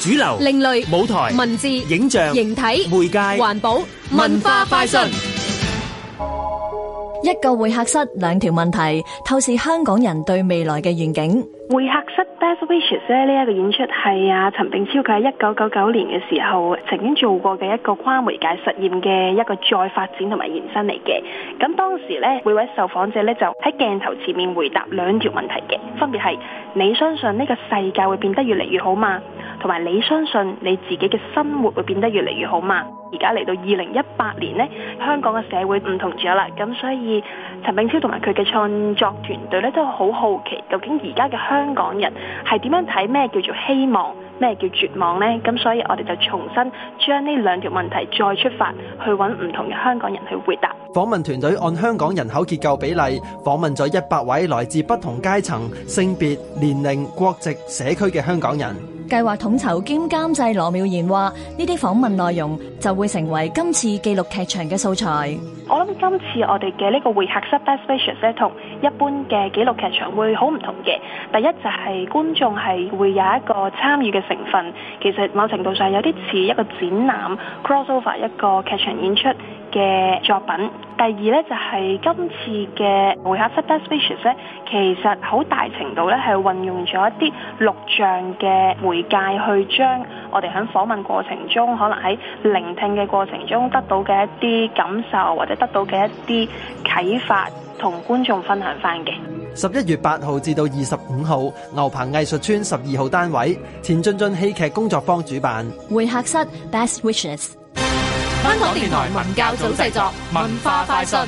主流、另類舞台、文字、影像、形體、媒介、環保、文化快訊。一個會客室，兩條問題，透視香港人對未來嘅願景。會客室《Best Wishes》呢一個演出係啊，陳定超佢喺一九九九年嘅時候曾經做過嘅一個跨媒介實驗嘅一個再發展同埋延伸嚟嘅。咁當時呢，每位受訪者呢就喺鏡頭前面回答兩條問題嘅，分別係你相信呢個世界會變得越嚟越好嘛？同埋，你相信你自己嘅生活會變得越嚟越好嘛？而家嚟到二零一八年咧，香港嘅社會唔同咗啦。咁所以，陳炳超同埋佢嘅創作團隊咧，都好好奇究竟而家嘅香港人係點樣睇咩叫做希望，咩叫絕望咧？咁所以，我哋就重新將呢兩條問題再出發去揾唔同嘅香港人去回答。訪問團隊按香港人口結構比例訪問咗一百位來自不同階層、性別、年齡、國籍、社區嘅香港人。計劃統籌兼監製羅妙賢話：呢啲訪問內容就會成為今次記錄劇場嘅素材。我諗今次我哋嘅呢個會客室 special 同一般嘅記錄劇場會好唔同嘅。第一就係觀眾係會有一個參與嘅成分，其實某程度上有啲似一個展覽 crossover 一個劇場演出。嘅作品，第二咧，就係今次嘅會客室 Best Wishes 咧，其實好大程度咧，係運用咗一啲錄像嘅媒介去將我哋喺訪問過程中，可能喺聆聽嘅過程中得到嘅一啲感受，或者得到嘅一啲啟發同觀眾分享翻嘅。十一月八號至到二十五號牛棚藝術村十二號單位，前進進戲劇工作坊主辦會客室 Best Wishes。香港電台文教組製作《文，文化快訊》。